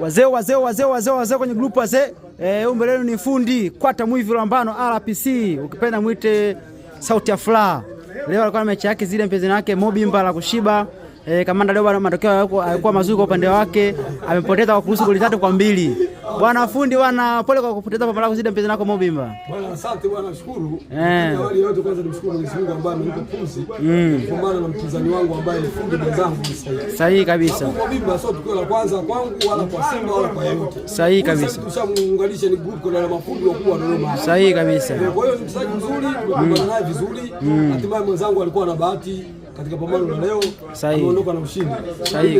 wazee wazee wazee wazee wazee kwenye grupu wazee e, eh, umbe lenu ni fundi kwata mwivi lambano RPC ukipenda mwite sauti ya furaha. Leo alikuwa na mechi yake zile mpenzi wake Mobimba la kushiba e, kamanda leo matokeo yalikuwa mazuri kwa upande wake, amepoteza kwa kuruhusu goli tatu kwa mbili. Bwana fundi bwana, pole kwa kupoteza pambano lako zidi mpenzi wako Mo Bimba. Bwana asante bwana, nashukuru. Eh. Awali yote kwanza nimshukuru Mwenyezi Mungu ambaye amenipa pumzi. Mm. Kupambana na mpinzani wangu ambaye fundi mwenzangu ni sahihi. kabisa. Mo Bimba sio tukio la kwanza kwangu wala kwa Simba wala kwa yote. Sahihi kabisa. Sasa Tushamuunganisha ni group na mafundi wakubwa wanaona. Sahihi kabisa. Kwa hiyo ni msaji mzuri, tunapambana naye vizuri. Mm. Mm. Hatimaye mwenzangu alikuwa na bahati katika pambano la leo ameondoka na ushindi,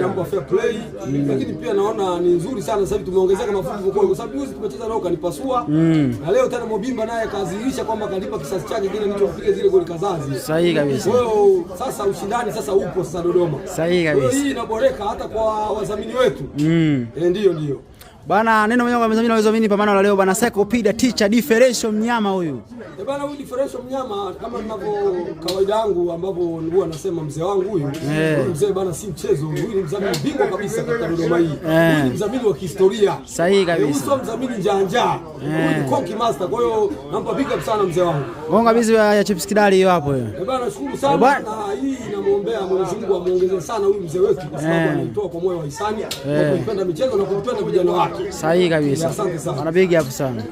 nampa fair play, mm. lakini pia naona ni nzuri sana. Sasa hivi tumeongezeka mafunzo kwa sababu juzi tumecheza nao kanipasua, mm. na leo tena Mobimba naye akadhihirisha kwamba kalipa kisasi chake kile apige zile goli kazazi. Sahihi kabisa. Kwa hiyo sasa ushindani sasa upo sasa Dodoma. Sahihi kabisa. Hii inaboreka hata kwa wadhamini wetu. Mm. Eh, ndio ndiyo. Bana neno mwenyewe kwa mzamini mimi pambano la leo bana Pida teacher differential mnyama huyu. Eh, bana huyu differential mnyama kama ninavyo kawaida yangu ambapo nilikuwa nasema mzee wangu huyu. Eh. Huyu mzee bana si mchezo, huyu ni mzamini bingwa kabisa katika Dodoma hii. Eh. Huyu ni mzamini wa kihistoria. Sahihi kabisa. Huyu sio mzamini njanja. Huyu ni Konki eh. Master. Kwa hiyo nampa big up sana mzee wangu. Bonga bizi ya Chips Kidali hiyo hapo hiyo. Eh, bana shukuru sana. Hii sana Mwenyezi Mungu amuongezee sana huyu mzee wetu, kwa sababu eh. anaitoa kwa moyo wa hisani na eh. kuipenda michezo na kuipenda vijana wake. Sahihi kabisa, anapiga hapo sana.